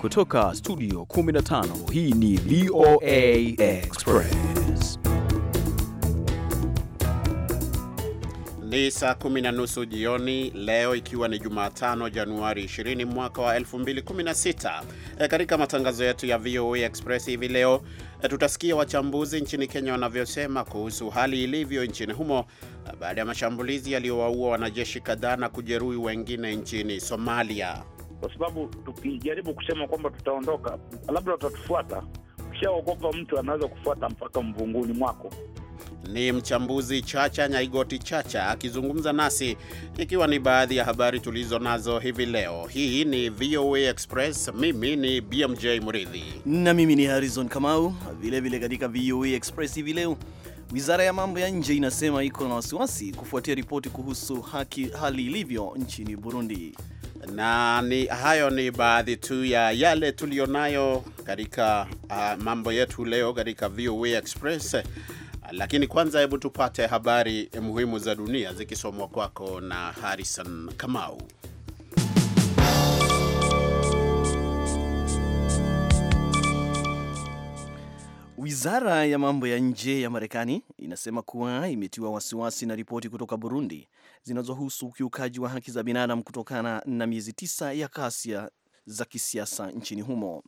Kutoka studio 15 hii ni VOA Express. Ni saa kumi na nusu jioni leo, ikiwa ni Jumatano Januari 20 mwaka wa 2016. E, katika matangazo yetu ya VOA Express hivi leo e, tutasikia wachambuzi nchini Kenya wanavyosema kuhusu hali ilivyo nchini humo baada ya mashambulizi yaliyowaua wanajeshi kadhaa na kujeruhi wengine nchini Somalia kwa sababu tukijaribu kusema kwamba tutaondoka, labda watatufuata. Ukishaogopa mtu anaweza kufuata mpaka mvunguni mwako. Ni mchambuzi Chacha Nyaigoti Chacha akizungumza nasi, ikiwa ni baadhi ya habari tulizo nazo hivi leo. Hii ni VOA Express. Mimi ni BMJ mridhi na mimi ni Harrison Kamau. Vilevile katika VOA Express hivi leo, wizara ya mambo ya nje inasema iko na wasiwasi kufuatia ripoti kuhusu haki hali ilivyo nchini Burundi na ni hayo ni baadhi tu ya yale tuliyonayo katika uh, mambo yetu leo katika VOA Express. Lakini kwanza, hebu tupate habari muhimu za dunia zikisomwa kwako na Harrison Kamau. Wizara ya mambo ya nje ya Marekani inasema kuwa imetiwa wasiwasi na ripoti kutoka Burundi zinazohusu ukiukaji wa haki za binadamu kutokana na miezi tisa ya ghasia za kisiasa nchini humo.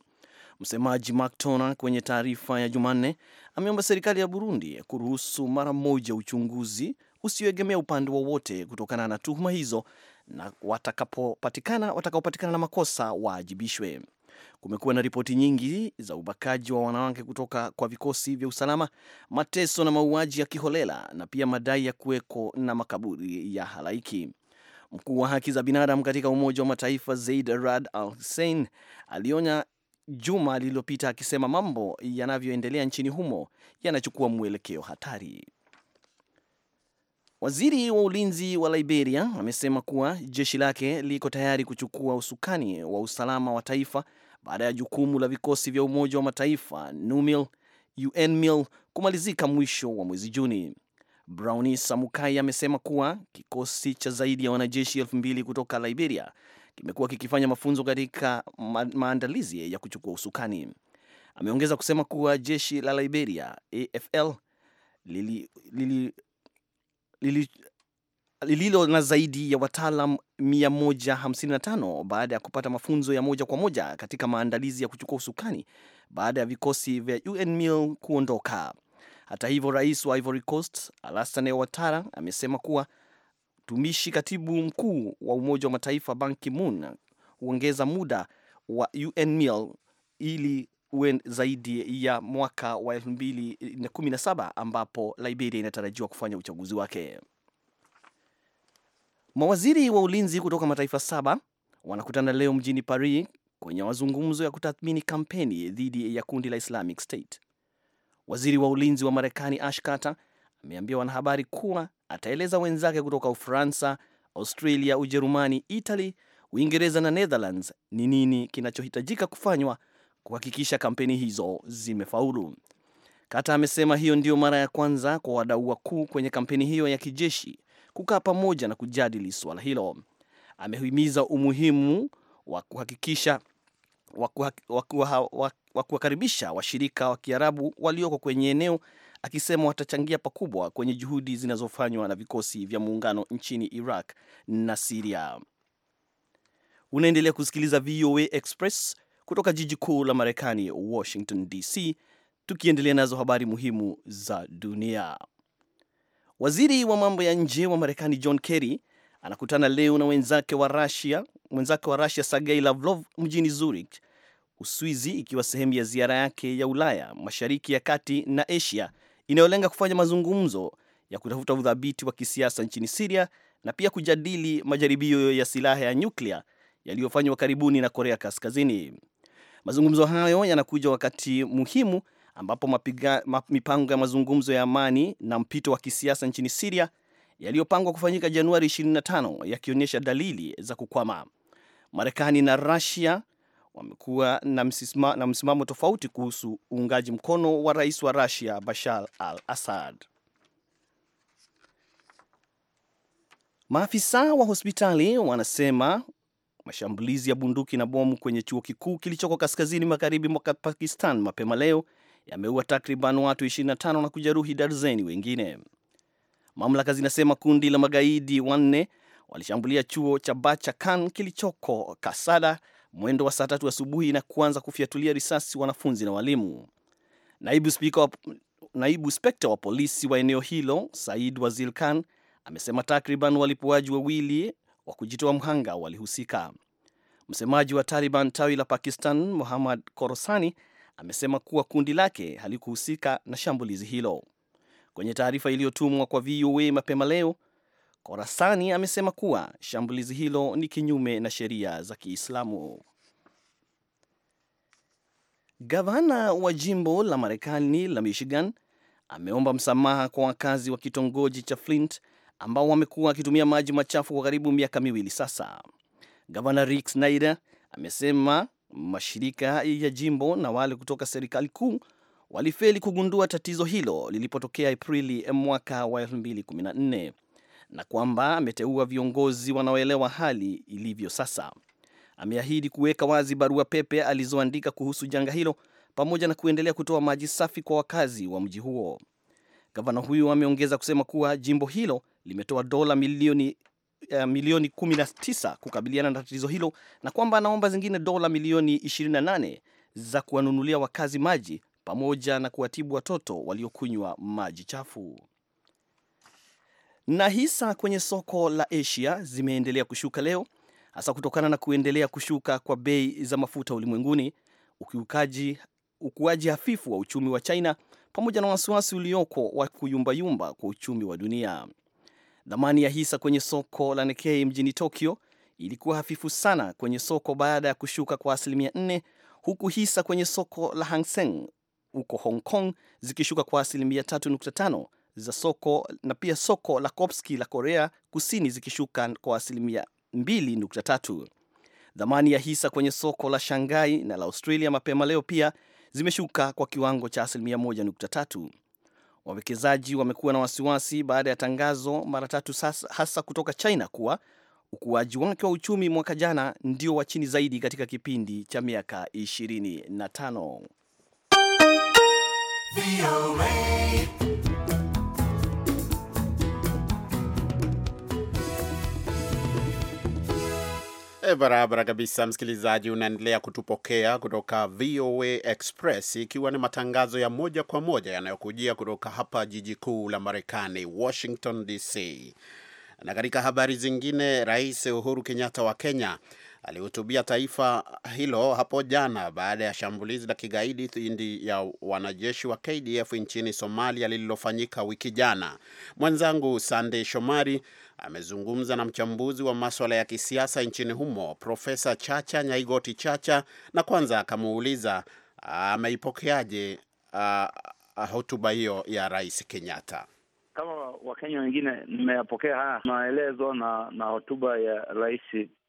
Msemaji Mark kwenye taarifa ya Jumanne ameomba serikali ya Burundi kuruhusu mara moja uchunguzi usioegemea upande wowote kutokana na tuhuma hizo, na watakapopatikana watakaopatikana na makosa waajibishwe. Kumekuwa na ripoti nyingi za ubakaji wa wanawake kutoka kwa vikosi vya usalama, mateso na mauaji ya kiholela na pia madai ya kuweko na makaburi ya halaiki. Mkuu wa haki za binadamu katika Umoja wa Mataifa Zaid Rad Al Hussein alionya juma lililopita akisema mambo yanavyoendelea nchini humo yanachukua mwelekeo hatari. Waziri wa ulinzi wa Liberia amesema kuwa jeshi lake liko tayari kuchukua usukani wa usalama wa taifa baada ya jukumu la vikosi vya Umoja wa Mataifa NUMIL, UNMIL kumalizika mwisho wa mwezi Juni. Browni Samukai amesema kuwa kikosi cha zaidi ya wanajeshi elfu mbili kutoka Liberia kimekuwa kikifanya mafunzo katika ma maandalizi ya kuchukua usukani. Ameongeza kusema kuwa jeshi la Liberia AFL lili, lili, lili, lililo na zaidi ya wataalam 155 baada ya kupata mafunzo ya moja kwa moja katika maandalizi ya kuchukua usukani baada ya vikosi vya UNMIL kuondoka. Hata hivyo, rais wa Ivory Coast Alassane Ouattara amesema kuwa tumishi katibu mkuu wa Umoja wa Mataifa Ban Ki-moon huongeza muda wa UNMIL ili uwe zaidi ya mwaka wa 2017 ambapo Liberia inatarajiwa kufanya uchaguzi wake. Mawaziri wa ulinzi kutoka mataifa saba wanakutana leo mjini Paris kwenye mazungumzo ya kutathmini kampeni dhidi ya kundi la Islamic State. Waziri wa ulinzi wa Marekani Ash Carter ameambia wanahabari kuwa ataeleza wenzake kutoka Ufaransa, Australia, Ujerumani, Italy, Uingereza na Netherlands ni nini kinachohitajika kufanywa kuhakikisha kampeni hizo zimefaulu. Kata amesema hiyo ndiyo mara ya kwanza kwa wadau wakuu kwenye kampeni hiyo ya kijeshi kukaa pamoja na kujadili suala hilo. Amehimiza umuhimu wa kuhakikisha wa kuwakaribisha washirika wa Kiarabu walioko kwenye eneo, akisema watachangia pakubwa kwenye juhudi zinazofanywa na vikosi vya muungano nchini Iraq na Siria. Unaendelea kusikiliza VOA Express kutoka jiji kuu la Marekani, Washington DC, tukiendelea nazo habari muhimu za dunia. Waziri wa mambo ya nje wa Marekani John Kerry anakutana leo na wenzake wa Russia, mwenzake wa Russia Sergei Lavrov mjini Zurich, Uswizi, ikiwa sehemu ya ziara yake ya Ulaya, Mashariki ya Kati na Asia inayolenga kufanya mazungumzo ya kutafuta udhabiti wa kisiasa nchini Siria na pia kujadili majaribio ya silaha ya nyuklia yaliyofanywa karibuni na Korea Kaskazini. Mazungumzo hayo yanakuja wakati muhimu ambapo mapiga, map, mipango ya mazungumzo ya amani na mpito wa kisiasa nchini Siria yaliyopangwa kufanyika Januari 25 yakionyesha dalili za kukwama. Marekani na rasia wamekuwa na, na msimamo tofauti kuhusu uungaji mkono wa rais wa rusia Bashar al-Assad. Maafisa wa hospitali wanasema mashambulizi ya bunduki na bomu kwenye chuo kikuu kilichoko kaskazini magharibi mwa Pakistan mapema leo yameua takriban watu 25 na kujeruhi darzeni wengine. Mamlaka zinasema kundi la magaidi wanne walishambulia chuo cha Bacha Khan kilichoko Kasada mwendo wa saa tatu asubuhi na kuanza kufyatulia risasi wanafunzi na walimu. Naibu spika wa, naibu spekta wa polisi wa eneo hilo Said Wazil Khan amesema takriban walipuaji wawili wa kujitoa mhanga walihusika. Msemaji wa Taliban tawi la Pakistan Muhammad Korosani amesema kuwa kundi lake halikuhusika na shambulizi hilo. Kwenye taarifa iliyotumwa kwa VOA mapema leo, Korasani amesema kuwa shambulizi hilo ni kinyume na sheria za Kiislamu. Gavana wa jimbo la Marekani la Michigan ameomba msamaha kwa wakazi wa kitongoji cha Flint ambao wamekuwa wakitumia maji machafu kwa karibu miaka miwili sasa. Gavana Rick Snyder amesema Mashirika ya jimbo na wale kutoka serikali kuu walifeli kugundua tatizo hilo lilipotokea Aprili mwaka wa 2014 na kwamba ameteua viongozi wanaoelewa hali ilivyo sasa. Ameahidi kuweka wazi barua pepe alizoandika kuhusu janga hilo pamoja na kuendelea kutoa maji safi kwa wakazi wa mji huo. Gavana huyo ameongeza kusema kuwa jimbo hilo limetoa dola milioni uh, milioni 19 kukabiliana na tatizo hilo na kwamba anaomba zingine dola milioni 28 za kuwanunulia wakazi maji pamoja na kuwatibu watoto waliokunywa maji chafu. Na hisa kwenye soko la Asia zimeendelea kushuka leo, hasa kutokana na kuendelea kushuka kwa bei za mafuta ulimwenguni, ukiukaji ukuaji hafifu wa uchumi wa China pamoja na wasiwasi ulioko wa kuyumbayumba kwa uchumi wa dunia. Dhamani ya hisa kwenye soko la Nikkei mjini Tokyo ilikuwa hafifu sana kwenye soko baada ya kushuka kwa asilimia 4 huku hisa kwenye soko la Hang Seng huko Hong Kong zikishuka kwa asilimia 3.5 za soko na pia soko la Kopski la Korea Kusini zikishuka kwa asilimia 2.3. Dhamani ya hisa kwenye soko la Shanghai na la Australia mapema leo pia zimeshuka kwa kiwango cha asilimia 1.3. Wawekezaji wamekuwa na wasiwasi baada ya tangazo mara tatu sasa, hasa kutoka China kuwa ukuaji wake wa uchumi mwaka jana ndio wa chini zaidi katika kipindi cha miaka 25. E, barabara kabisa, msikilizaji, unaendelea kutupokea kutoka VOA Express, ikiwa ni matangazo ya moja kwa moja yanayokujia kutoka hapa jiji kuu la Marekani, Washington DC. Na katika habari zingine, Rais Uhuru Kenyatta wa Kenya alihutubia taifa hilo hapo jana baada ya shambulizi la kigaidi dhidi ya wanajeshi wa KDF nchini Somalia lililofanyika wiki jana. Mwenzangu Sandey Shomari amezungumza na mchambuzi wa maswala ya kisiasa nchini humo Profesa Chacha Nyaigoti Chacha, na kwanza akamuuliza ameipokeaje hotuba hiyo ya Rais Kenyatta. Kama Wakenya wengine, nimeyapokea haya maelezo na na hotuba ya rais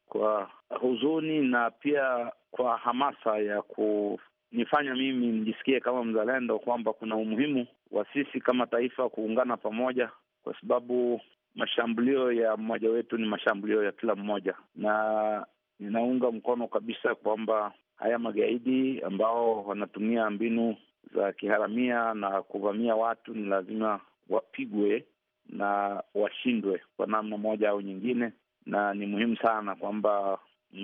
kwa huzuni na pia kwa hamasa ya kunifanya mimi nijisikie kama mzalendo kwamba kuna umuhimu wa sisi kama taifa kuungana pamoja, kwa sababu mashambulio ya mmoja wetu ni mashambulio ya kila mmoja, na ninaunga mkono kabisa kwamba haya magaidi ambao wanatumia mbinu za kiharamia na kuvamia watu ni lazima wapigwe na washindwe kwa namna moja au nyingine, na ni muhimu sana kwamba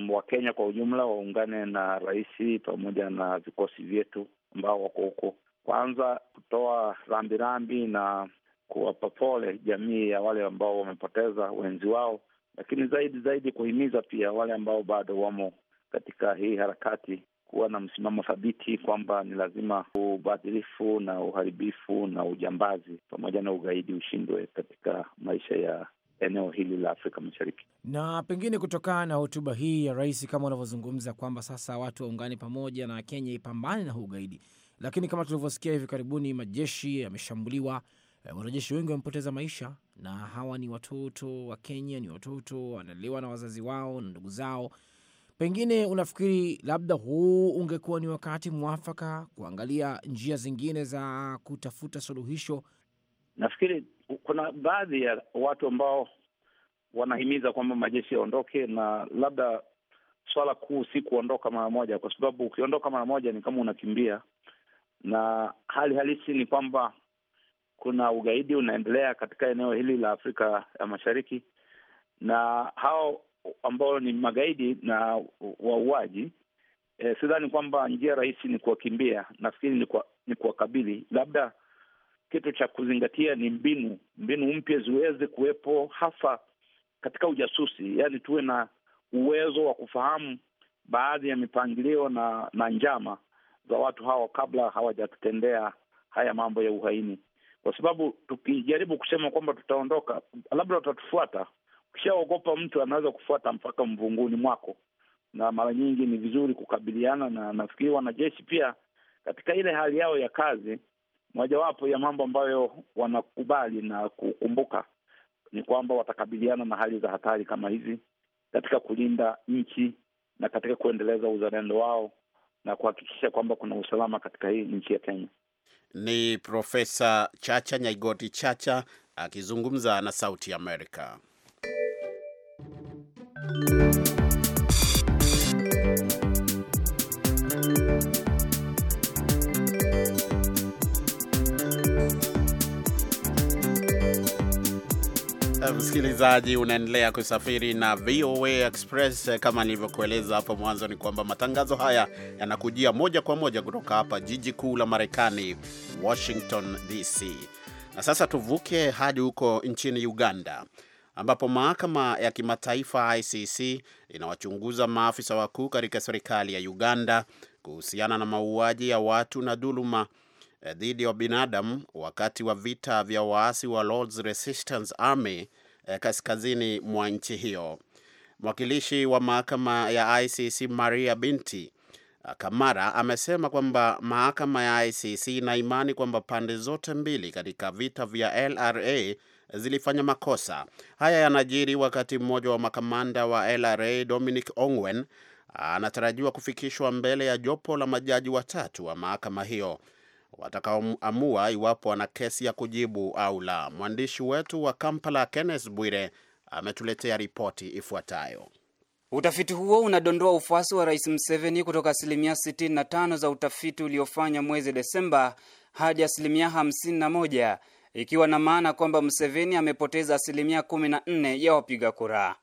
Wakenya kwa ujumla waungane na rais pamoja na vikosi vyetu ambao wako huko, kwanza kutoa rambirambi na kuwapa pole jamii ya wale ambao wamepoteza wenzi wao, lakini zaidi zaidi kuhimiza pia wale ambao bado wamo katika hii harakati kuwa na msimamo thabiti kwamba ni lazima ubadhirifu na uharibifu na ujambazi pamoja na ugaidi ushindwe katika maisha ya eneo hili la Afrika Mashariki. Na pengine kutokana na hotuba hii ya rais, kama unavyozungumza kwamba sasa watu waungane pamoja na Kenya ipambane na ugaidi, lakini kama tulivyosikia hivi karibuni, majeshi yameshambuliwa, eh, wanajeshi wengi wamepoteza maisha, na hawa ni watoto wa Kenya, ni watoto wanaliwa na wazazi wao na ndugu zao. Pengine unafikiri labda huu ungekuwa ni wakati mwafaka kuangalia njia zingine za kutafuta suluhisho Nafikiri kuna baadhi ya watu ambao wanahimiza kwamba majeshi yaondoke, na labda swala kuu si kuondoka mara moja, kwa sababu ukiondoka mara moja ni kama unakimbia, na hali halisi ni kwamba kuna ugaidi unaendelea katika eneo hili la Afrika ya Mashariki, na hao ambao ni magaidi na wauaji e, sidhani kwamba njia rahisi ni kuwakimbia. Nafikiri ni kuwakabili, labda kitu cha kuzingatia ni mbinu, mbinu mpya ziweze kuwepo, hasa katika ujasusi, yaani tuwe na uwezo wa kufahamu baadhi ya mipangilio na, na njama za watu hao kabla hawajatutendea haya mambo ya uhaini, kwa sababu tukijaribu kusema kwamba tutaondoka, labda utatufuata Ukishaogopa mtu anaweza kufuata mpaka mvunguni mwako, na mara nyingi ni vizuri kukabiliana na, nafikiri wanajeshi pia katika ile hali yao ya kazi mojawapo ya mambo ambayo wanakubali na kukumbuka ni kwamba watakabiliana na hali za hatari kama hizi katika kulinda nchi na katika kuendeleza uzalendo wao na kuhakikisha kwamba kuna usalama katika hii nchi ya Kenya. Ni Profesa Chacha Nyaigoti Chacha akizungumza na Sauti Amerika. Eh, msikilizaji, unaendelea kusafiri na VOA Express. Eh, kama nilivyokueleza hapo mwanzo, ni kwamba matangazo haya yanakujia moja kwa moja kutoka hapa jiji kuu la Marekani, Washington DC. Na sasa tuvuke hadi huko nchini Uganda ambapo mahakama ya kimataifa ICC inawachunguza maafisa wakuu katika serikali ya Uganda kuhusiana na mauaji ya watu na dhuluma Eh, dhidi ya binadamu wakati wa vita vya waasi wa Lord's Resistance Army eh, kaskazini mwa nchi hiyo. Mwakilishi wa mahakama ya ICC Maria Binti eh, Kamara amesema kwamba mahakama ya ICC ina imani kwamba pande zote mbili katika vita vya LRA zilifanya makosa. Haya yanajiri wakati mmoja wa makamanda wa LRA Dominic Ongwen anatarajiwa kufikishwa mbele ya jopo la majaji watatu wa mahakama hiyo watakaoamua iwapo wana kesi ya kujibu au la. Mwandishi wetu wa Kampala Kenneth Bwire ametuletea ripoti ifuatayo. Utafiti huo unadondoa ufuasi wa Rais Museveni kutoka asilimia 65 za utafiti uliofanya mwezi Desemba hadi asilimia 51, ikiwa na maana kwamba Museveni amepoteza asilimia 14 ya wapiga kura.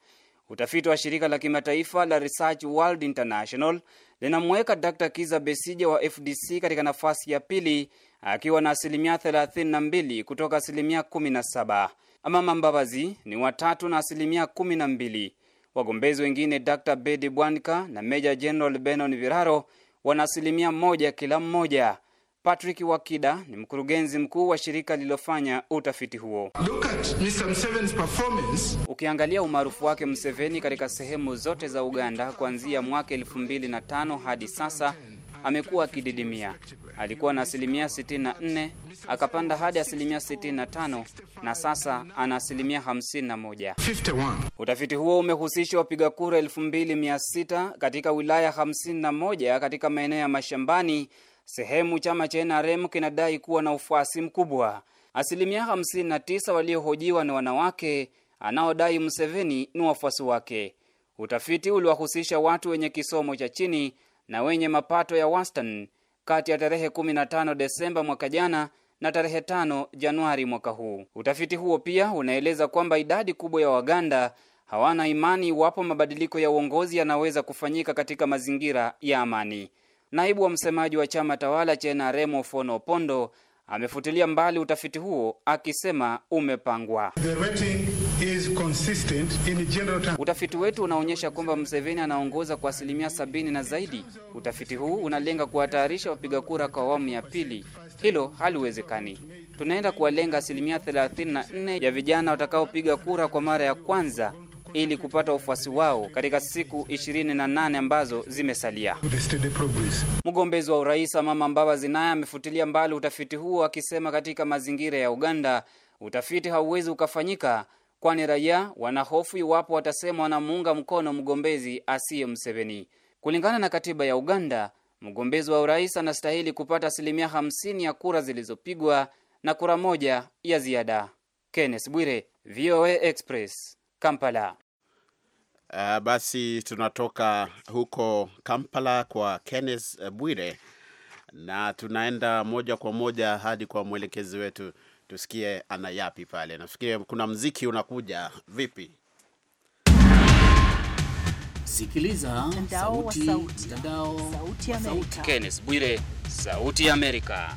Utafiti wa shirika la kimataifa la Research World International linamweka Dr. Kiza Besije wa FDC katika nafasi ya pili akiwa na asilimia 32 kutoka asilimia 17. ama Mbabazi ni watatu na asilimia 12. Wagombezi wengine Dr. Bedi Bwanka na Meja General Benon Viraro wana asilimia moja kila mmoja. Patrick Wakida ni mkurugenzi mkuu wa shirika lililofanya utafiti huo. Look at Mr. Museveni's performance. Ukiangalia umaarufu wake Museveni katika sehemu zote za Uganda kuanzia mwaka elfu mbili na tano hadi sasa amekuwa akididimia. Alikuwa na asilimia 64 akapanda hadi asilimia 65 na sasa ana asilimia 51. Utafiti huo umehusisha wapiga kura 2600 katika wilaya 51 katika maeneo ya mashambani sehemu chama cha NRM kinadai kuwa na ufuasi mkubwa. Asilimia 59 waliohojiwa ni wanawake anaodai Museveni ni wafuasi wake. Utafiti uliwahusisha watu wenye kisomo cha chini na wenye mapato ya wastani kati ya tarehe 15 Desemba mwaka jana na tarehe 5 Januari mwaka huu. Utafiti huo pia unaeleza kwamba idadi kubwa ya Waganda hawana imani iwapo mabadiliko ya uongozi yanaweza kufanyika katika mazingira ya amani. Naibu wa msemaji wa chama tawala cha NRM Ofwono Opondo amefutilia mbali utafiti huo akisema umepangwa. Utafiti wetu unaonyesha kwamba Mseveni anaongoza kwa asilimia sabini na zaidi. Utafiti huu unalenga kuwatayarisha wapiga kura kwa awamu ya pili. Hilo haliwezekani. Tunaenda kuwalenga asilimia 34 ya vijana watakaopiga kura kwa mara ya kwanza ili kupata ufuasi wao katika siku 28 ambazo zimesalia. Mgombezi wa urais Amama Mbabazi naye amefutilia mbali utafiti huo akisema katika mazingira ya Uganda utafiti hauwezi ukafanyika kwani raia wanahofu iwapo watasema wanamuunga mkono mgombezi asiye Mseveni. Kulingana na katiba ya Uganda, mgombezi wa urais anastahili kupata asilimia hamsini ya kura zilizopigwa na kura moja ya ziada. Kenneth Bwire, VOA Express. Kampala. Uh, basi tunatoka huko Kampala kwa Kenneth Bwire na tunaenda moja kwa moja hadi kwa mwelekezi wetu tusikie ana yapi pale. Nafikiri kuna mziki unakuja vipi? Sikiliza mtandao sauti, sauti, sauti ya Amerika. Kenneth Bwire, sauti ya Amerika.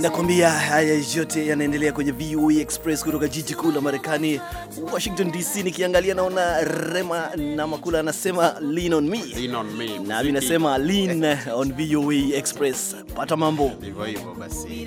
Nakwambia haya yote yanaendelea kwenye VOA e Express kutoka jiji kuu la Marekani, Washington DC. Nikiangalia naona Rema na Makula anasema lean on me, lean on me, na mimi nasema lean on VOA e Express. Pata mambo hivyo hivyo basi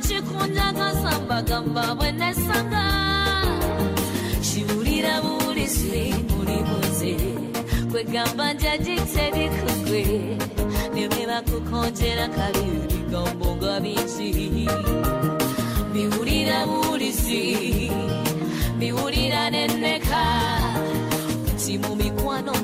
chikunda gamba bwenesanga shiburira kwe muribuze kwegamba njagitseri kugwe nimwe bakukonjera kabiri gombo ngabiki biburira burisi biburira neneka kati mu mikwano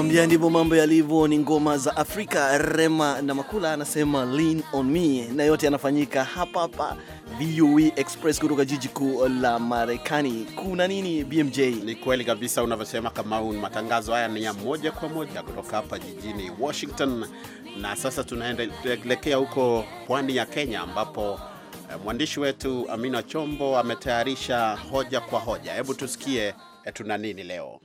Nakwambia ndivyo mambo yalivyo, ni ngoma za Afrika. Rema na Makula anasema lean on me, na yote yanafanyika hapa hapa VOA e Express kutoka jiji kuu la Marekani. Kuna nini BMJ? Ni kweli kabisa unavyosema Kamau, matangazo haya ni ya moja kwa moja kutoka hapa jijini Washington, na sasa tunaelekea huko pwani ya Kenya ambapo eh, mwandishi wetu Amina Chombo ametayarisha hoja kwa hoja. Hebu tusikie eh, tuna nini leo.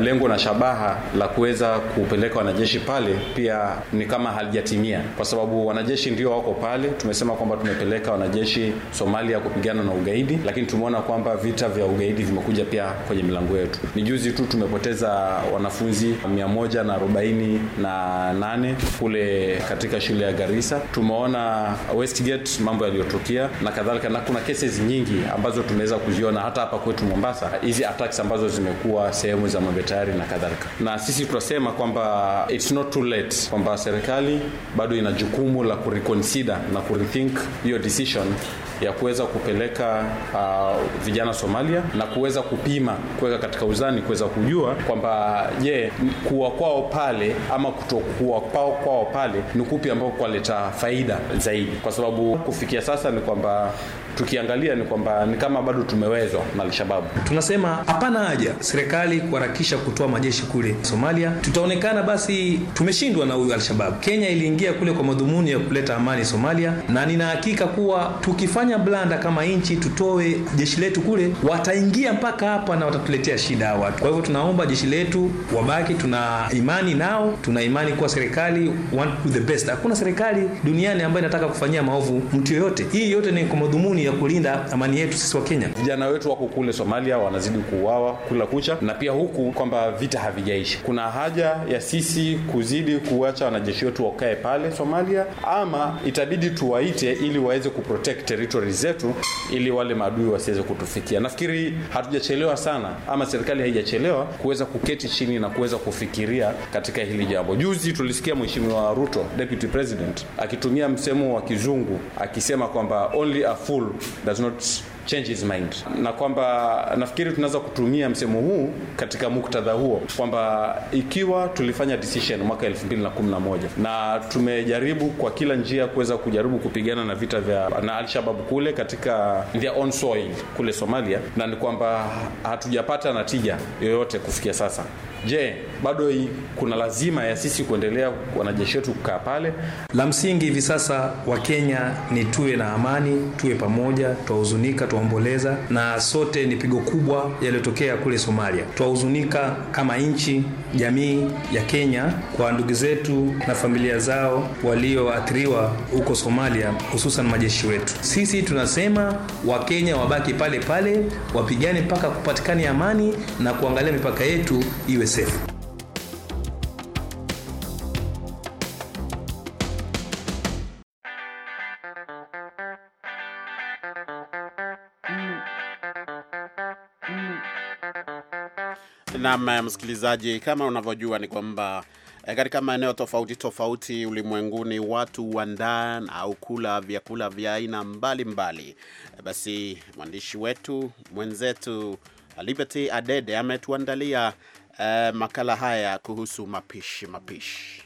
lengo na shabaha la kuweza kupeleka wanajeshi pale pia ni kama halijatimia, kwa sababu wanajeshi ndio wako pale. Tumesema kwamba tumepeleka wanajeshi Somalia kupigana na ugaidi, lakini tumeona kwamba vita vya ugaidi vimekuja pia kwenye milango yetu. Ni juzi tu tumepoteza wanafunzi 148 kule katika shule ya Garissa. Tumeona Westgate mambo yaliyotokea na kadhalika, na kuna kesi nyingi ambazo tumeweza kuziona hata hapa kwetu Mombasa, hizi attacks ambazo zimekuwa sehemu za mabeta tayari na kadhalika. Na sisi tunasema kwamba it's not too late, kwamba serikali bado ina jukumu la kureconsider na kurethink hiyo decision ya kuweza kupeleka uh, vijana Somalia na kuweza kupima kuweka katika uzani kuweza kujua kwamba je, kuwa kwao pale ama kutokuwa kwao kwao pale ni kupi ambao kwaleta faida zaidi, kwa sababu kufikia sasa ni kwamba tukiangalia ni kwamba ni kama bado tumewezwa na Alshababu. Tunasema hapana haja serikali kuharakisha kutoa majeshi kule Somalia, tutaonekana basi tumeshindwa na huyu Alshababu. Kenya iliingia kule kwa madhumuni ya kuleta amani Somalia, na nina hakika kuwa tukifanya blanda kama nchi, tutoe jeshi letu kule, wataingia mpaka hapa na watatuletea shida ya watu. Kwa hivyo tunaomba jeshi letu wabaki, tuna imani nao, tuna imani kuwa serikali want the best. Hakuna serikali duniani ambayo inataka kufanyia maovu mtu yoyote. Hii yote ni kwa madhumuni ya kulinda amani yetu sisi wa Kenya. Vijana wetu wako kule Somalia wanazidi kuuawa kula kucha, na pia huku kwamba vita havijaisha. Kuna haja ya sisi kuzidi kuacha wanajeshi wetu wakae pale Somalia, ama itabidi tuwaite ili waweze kuprotect territory zetu, ili wale maadui wasiweze kutufikia. Nafikiri hatujachelewa sana, ama serikali haijachelewa kuweza kuketi chini na kuweza kufikiria katika hili jambo. Juzi tulisikia Mheshimiwa Ruto, Deputy President, akitumia msemo wa kizungu akisema kwamba only a fool does not change his mind, na kwamba nafikiri tunaweza kutumia msemo huu katika muktadha huo kwamba ikiwa tulifanya decision mwaka 2011 na tumejaribu kwa kila njia kuweza kujaribu kupigana na vita vya na al kule katika their own soil kule Somalia, na ni kwamba hatujapata natija yoyote kufikia sasa. Je, bado kuna lazima ya sisi kuendelea wanajeshi wetu kukaa pale? La msingi hivi sasa Wakenya ni tuwe na amani, tuwe pamoja, tuwahuzunika tuomboleza, na sote ni pigo kubwa yaliyotokea kule Somalia. Twahuzunika kama nchi, jamii ya Kenya kwa ndugu zetu na familia zao walioathiriwa huko Somalia, hususan majeshi wetu. Sisi tunasema Wakenya wabaki pale pale, wapigane mpaka kupatikani amani na kuangalia mipaka yetu iwe safe. Naam, eh, msikilizaji, kama unavyojua ni kwamba eh, katika maeneo tofauti tofauti ulimwenguni watu huandaa au kula vyakula vya aina mbalimbali. Eh, basi mwandishi wetu mwenzetu Liberty Adede ametuandalia e, makala haya kuhusu mapishi mapishi.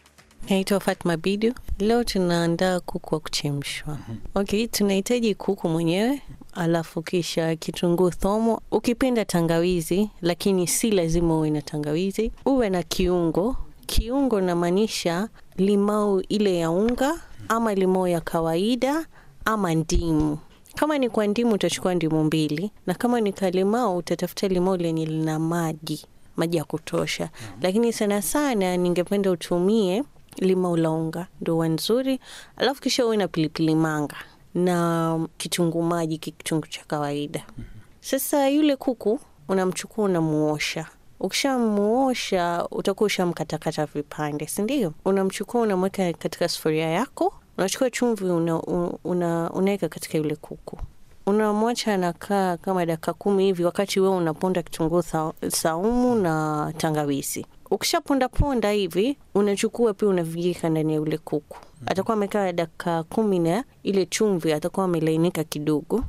Naitwa Fatma Bidu. Leo tunaandaa kuku wa kuchemshwa. Mhm. Okay, tunahitaji kuku mwenyewe alafu kisha kitunguu thomo, ukipenda tangawizi, lakini si lazima uwe na tangawizi. Uwe na kiungo. Kiungo namaanisha limau ile ya unga ama limau ya kawaida ama ndimu. Kama ni kwa ndimu utachukua ndimu mbili, na kama ni kwa limau utatafuta limau lenye lina maji maji ya kutosha. Lakini sana sana ningependa utumie limau la unga, ndo ndio nzuri, alafu kisha uwe na pilipili manga na kitunguu maji, kitunguu cha kawaida. Sasa yule kuku unamchukua unamuosha Ukishamuosha utakuwa ushamkatakata vipande, sindio Unamchukua unamweka katika sufuria yako, unachukua chumvi unaweka una, una katika yule kuku, unamwacha anakaa kama dakika kumi hivi, wakati wewe unaponda kitunguu saumu na tangawizi. Ukishapondaponda hivi unachukua pia unavijika ndani ya ule kuku, mm-hmm. atakuwa amekaa dakika kumi na ile chumvi atakuwa amelainika kidogo.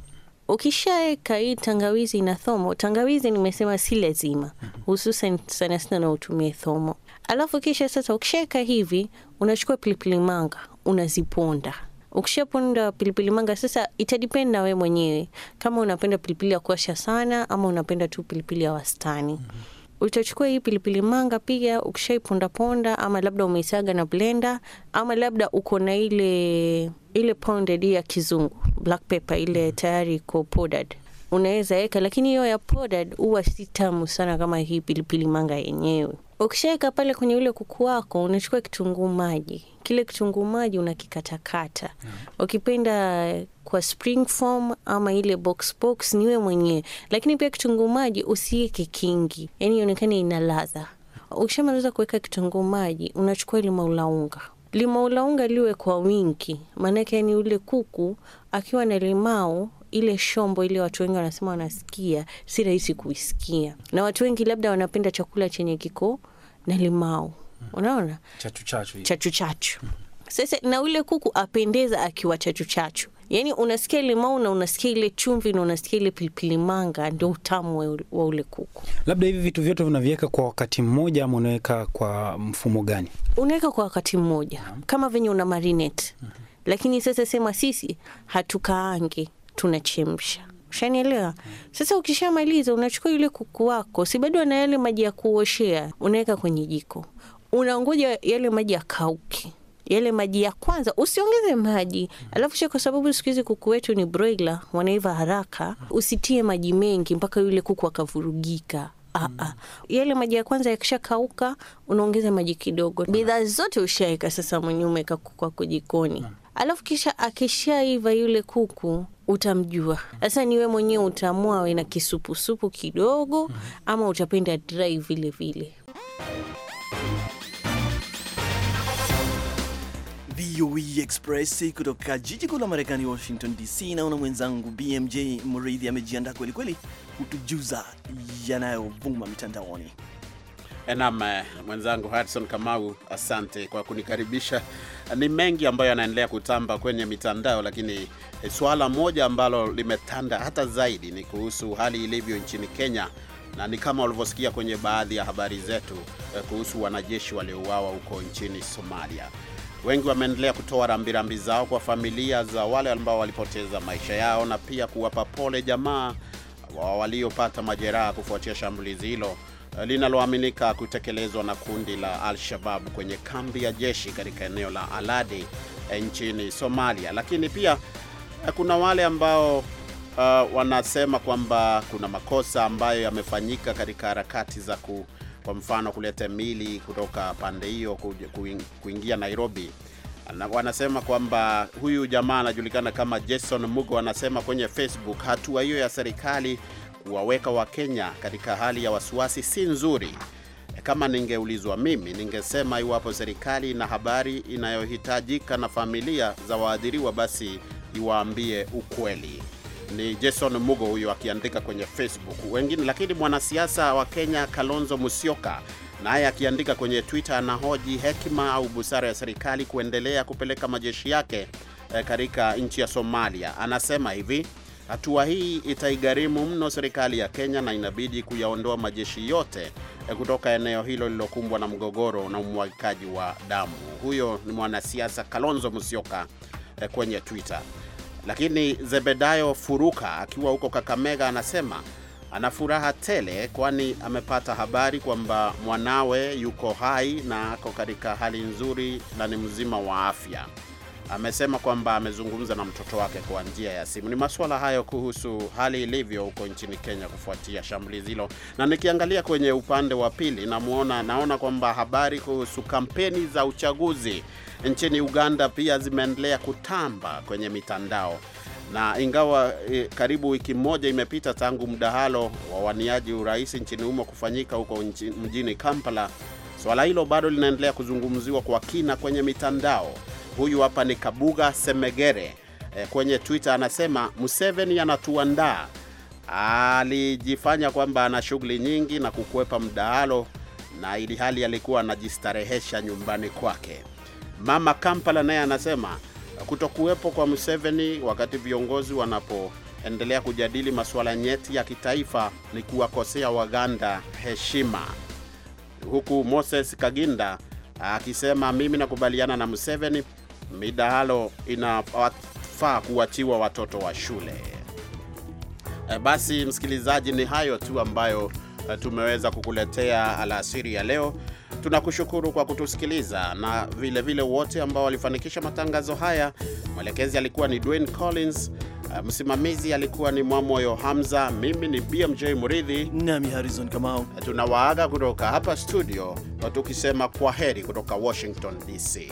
Ukishaeka hii tangawizi na thomo, tangawizi nimesema si lazima, mm-hmm. hususan sana sana na thomo. Alafu kisha sasa, ukishaeka hivi unachukua pilipili manga unaziponda Ukishaponda pilipili manga sasa, itadipend na wee mwenyewe kama unapenda pilipili ya kuasha sana ama unapenda tu pilipili ya wastani. mm -hmm utachukua hii pilipili manga, pia ukishaipondaponda, ama labda umeisaga na blender, ama labda uko na ile ile pounded ya kizungu black pepper ile tayari iko powdered unaweza weka, lakini hiyo ya powdered huwa si tamu sana kama hii pilipili manga yenyewe. Ukishaweka pale kwenye ule kuku wako, unachukua kitunguu maji. Kile kitunguu maji unakikatakata, ukipenda kwa spring form ama ile box box, niwe mwenyewe. Lakini pia kitunguu maji usiweke kingi, yani ionekane ina ladha. Ukishamaliza kuweka kitunguu maji, unachukua limaulaunga limaulaunga liwe kwa wingi, maanake ni yaani ule kuku akiwa na limau ile shombo ile watu wengi wanasema wanasikia, si rahisi kuisikia, na watu wengi labda wanapenda chakula chenye kiko na limau, unaona chachuchachu, chachuchachu. Sasa na ule kuku apendeza akiwa chachuchachu Yaani unasikia ile mau na unasikia ile chumvi na unasikia ile pilipili manga, ndio utamu wa ule kuku. Labda hivi vitu vyote vinaviweka kwa wakati mmoja ama unaweka kwa mfumo gani? Unaweka kwa wakati mmoja kama venye una marinet mhm. Lakini sasa sema sisi hatukaangi, tunachemsha. shanielewa Sasa ukishamaliza unachukua yule kuku wako, si bado ana yale maji ya kuoshea, unaweka kwenye jiko, unangoja yale maji ya kauki yale maji ya kwanza usiongeze maji. Alafu kwa sababu siku hizi kuku wetu ni broila wanaiva haraka, usitie maji mengi mpaka yule kuku akavurugika. Ah, ah. Yale maji ya kwanza yakishakauka, unaongeza maji kidogo. Bidhaa zote ushaeka sasa, mwenye umeweka kuku jikoni, alafu kisha akishaiva yule kuku utamjua sasa, niwe mwenyewe utamua awe na kisupusupu kidogo mhm. ama utapenda drai vile vile. E Express kutoka jiji kuu la Marekani, Washington DC. Naona mwenzangu BMJ Mridhi amejiandaa kweli kweli kutujuza yanayovuma mitandaoni. Eh, nam eh, mwenzangu harison Kamau, asante kwa kunikaribisha ni mengi ambayo yanaendelea kutamba kwenye mitandao, lakini eh, swala moja ambalo limetanda hata zaidi ni kuhusu hali ilivyo nchini Kenya na ni kama ulivyosikia kwenye baadhi ya habari zetu e, kuhusu wanajeshi waliouawa huko nchini Somalia. Wengi wameendelea kutoa rambirambi zao kwa familia za wale ambao walipoteza maisha yao na pia kuwapa pole jamaa wa waliopata majeraha kufuatia shambulizi hilo linaloaminika kutekelezwa na kundi la Al-Shabab kwenye kambi ya jeshi katika eneo la Aladi eh, nchini Somalia. Lakini pia eh, kuna wale ambao uh, wanasema kwamba kuna makosa ambayo yamefanyika katika harakati za ku, kwa mfano kuleta mili kutoka pande hiyo kuingia Nairobi na wanasema kwamba huyu jamaa anajulikana kama Jason Mugo, anasema kwenye Facebook hatua hiyo ya serikali kuwaweka Wakenya katika hali ya wasiwasi si nzuri. Kama ningeulizwa mimi, ningesema iwapo serikali ina habari inayohitajika na familia za waadhiriwa, basi iwaambie ukweli. Ni Jason Mugo huyo akiandika kwenye Facebook wengine. Lakini mwanasiasa wa Kenya Kalonzo Musyoka naye akiandika kwenye Twitter anahoji hekima au busara ya serikali kuendelea kupeleka majeshi yake eh, katika nchi ya Somalia. Anasema hivi: Hatua hii itaigharimu mno serikali ya Kenya na inabidi kuyaondoa majeshi yote eh, kutoka eneo hilo lililokumbwa na mgogoro na umwagikaji wa damu. Huyo ni mwanasiasa Kalonzo Musyoka eh, kwenye Twitter. Lakini Zebedayo Furuka akiwa huko Kakamega anasema ana furaha tele, kwani amepata habari kwamba mwanawe yuko hai na ako katika hali nzuri na ni mzima wa afya amesema kwamba amezungumza na mtoto wake kwa njia ya simu. Ni masuala hayo kuhusu hali ilivyo huko nchini Kenya kufuatia shambulizi hilo. Na nikiangalia kwenye upande wa pili, namuona naona kwamba habari kuhusu kampeni za uchaguzi nchini Uganda pia zimeendelea kutamba kwenye mitandao na ingawa eh, karibu wiki moja imepita tangu mdahalo wa waniaji urais nchini humo kufanyika huko mjini Kampala, swala hilo bado linaendelea kuzungumziwa kwa kina kwenye mitandao. Huyu hapa ni Kabuga Semegere e, kwenye Twitter anasema Museveni anatuandaa. Alijifanya kwamba ana shughuli nyingi na kukwepa mdahalo, na ili hali alikuwa anajistarehesha nyumbani kwake. Mama Kampala naye anasema kutokuwepo kwa Museveni wakati viongozi wanapoendelea kujadili masuala nyeti ya kitaifa ni kuwakosea Waganda heshima, huku Moses Kaginda akisema mimi nakubaliana na Museveni midahalo inafaa kuachiwa watoto wa shule. Eh, basi msikilizaji, ni hayo tu ambayo eh, tumeweza kukuletea alasiri ya leo. Tunakushukuru kwa kutusikiliza na vilevile vile wote ambao walifanikisha matangazo haya. Mwelekezi alikuwa ni Dwayne Collins, eh, msimamizi alikuwa ni Mwamoyo Hamza, mimi ni BMJ Muridhi nami Harrison Kamau. Tunawaaga kutoka hapa studio tukisema kwa heri kutoka Washington DC.